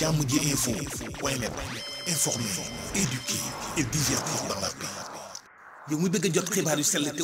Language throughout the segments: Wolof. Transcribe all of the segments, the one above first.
jàmm ji info point net et divertir dans la yow mu bëgg a jot xibaar yu sell te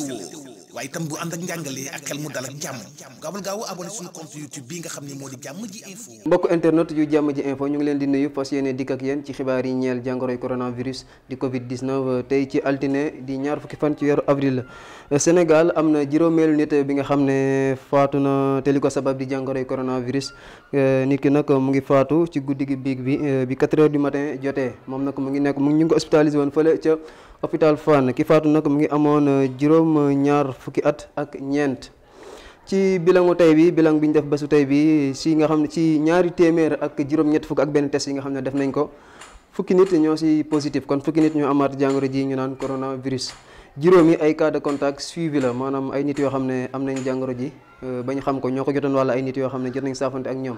mbokk internet yu jàmm ji info ñu ngi leen di nuyu fas yéene dikk ak yéen ci xibaar yi ñeel jàngoroy coronavirus di Covid euh, tey ci altine di ñaar fukki fan ci weeru avril euh, Sénégal am na juróomeelu nit bi nga xam ne faatu na te li ko sabab di jàngoroy coronavirus euh, nit ki nag mu ngi faatu ci guddi gi biig bi bi 4 heures du matin jotee moom nag mu ngi nekk mu ngi ñu ngi ko ca hôpital Fann ki faatu. nag mu ngi amoon euh, juróom euh, ñaar fukki at ak ñeent ci bilangu tey bi bilang bi ñu def bésu tey bi si nga xam ne ci ñaari téeméer ak juróom-ñett fukk ak benn test yi nga xam ne def nañ ko fukki nit ñoo si positif kon fukki nit ñoo amaat jàngoro ji ñu naan coronavirus juróom yi ay cas de contact suivi la maanaam ay nit yoo xam ne am nañ jàngoro ji euh, ba ñu xam ko ñoo ko jotoon walla ay nit yoo xam ne jot nañ saafante ak ñoom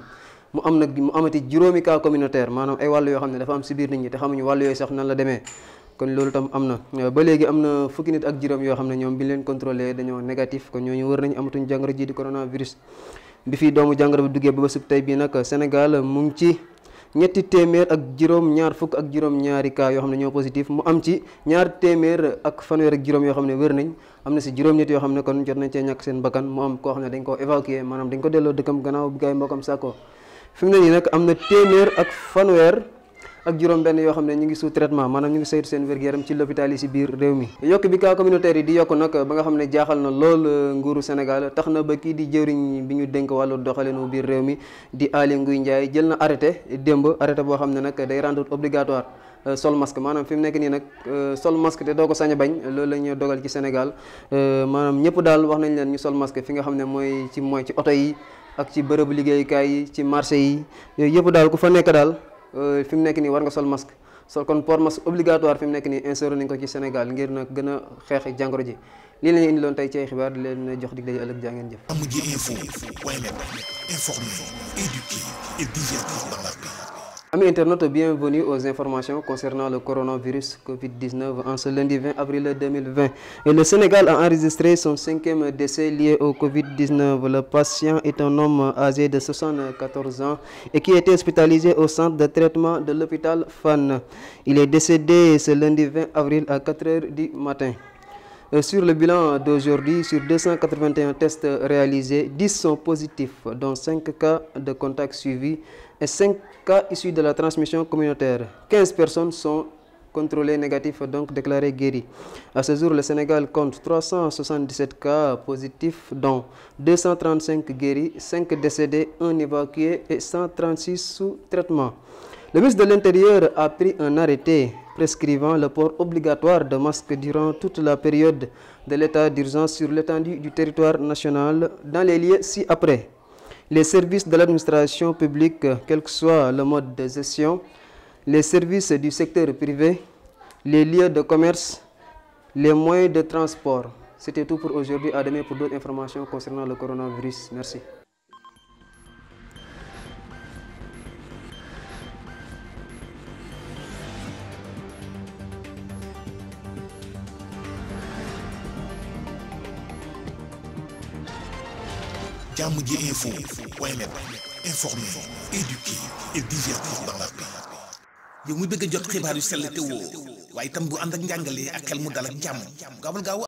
mu am nag mu amati juróomi cas communautaire yoo xam ne dafa am si biir nit ñi te xamuñu wàll yooyu sax nan la demee kon loolu tam am na ba léegi am na fukki nit ak juróom yoo xam ne ñoom bi leen contrôlé dañoo négatif kon ñooñu wër nañu amatuñ jàngoro ji di coronavirus bi fii doomu jàngoro bi duggee ba ba sub ak juróom ñaar fukk ak juróom ñaari cas yoo xam ne ñoo positif mu am ci ñaar téeméer ak fanweer ak yoo xam ne wér nañ am na si juróom nit yoo xam ne kon jot nañ cee ñàkk seen bakkan mu am koo xam ne dañ koo évacué maanaam dañ ko delloo dëkkam gannaaw bi gars yi mbokkam sàkkoo fi nag am na téeméer ak fanweer ak juróom-benn yoo xam ne ñu ngi sous traitement maanaam ñu ngi saytu seen wér-gu-yaram ci l'hôpital yi si biir réew mi yokk bi cas communautaire yi di yokk nag ba nga xam ne jaaxal na lool euh, nguuru Sénégal tax na ba kii di jëwriñ bi ñu dénk wàllu doxalinu biir réew mi di Aly Ngouille Ndiaye jël na arrêté démb arrêté boo xam ne nag day rendre obligatoire euh, sol masque maanaam fi mu nekk nii nag euh, sol masque te doo ko sañ a bañ loolu la ñu dogal ci Sénégal maanaam ñëpp daal wax nañ leen ñu sol masque fi nga xam ne mooy ci mooy ci oto yi ak ci bërëbu liggéeyukaay yi ci marché yi yooyu Euh, fi mu nekk nii war nga sol masque so kon port masque obligatoire fi mu nekk nii instauré nañ ko ci Sénégal ngir nag gën a xeex jàngoro ji lii la ñu loon tey ci ay xibaar di leen jox dig daje ëllëg jaa ngeen jëf. Amoudji info point net informer, éduquer et divertir Amis internautes, bienvenue aux informations concernant le coronavirus Covid-19 en ce lundi 20 avril 2020. Et le Sénégal a enregistré son cinquième décès lié au Covid-19. Le patient est un homme âgé de 74 ans et qui était hospitalisé au centre de traitement de l'hôpital Fan. Il est décédé ce lundi 20 avril à 4 h du matin. Euh, sur le bilan d'aujourd'hui, sur 281 tests réalisés, 10 sont positifs, dont 5 cas de contact suivis et 5 cas issus de la transmission communautaire. 15 personnes contrôlés négatifs, donc déclarés guéris. À ce jour, le Sénégal compte 377 cas positifs, dont 235 guéris, 5 décédés, 1 évacué et 136 sous traitement. Le ministre de l'Intérieur a pris un arrêté le port obligatoire de masques durant toute la période de l'état d'urgence sur l'étendue du territoire national dans les lieux après Les services de l'administration publique, quel que le mode de gestion, les services du secteur privé, les lieux de commerce, les moyens de transport. C'était tout pour aujourd'hui. À demain pour d'autres informations concernant le coronavirus. Merci. ji yow muy bëgg a jot xibaar yu sell te woo waaye itam bu ànd ak njàngalee ak xel mu dal ak jàmm gaawal gaaw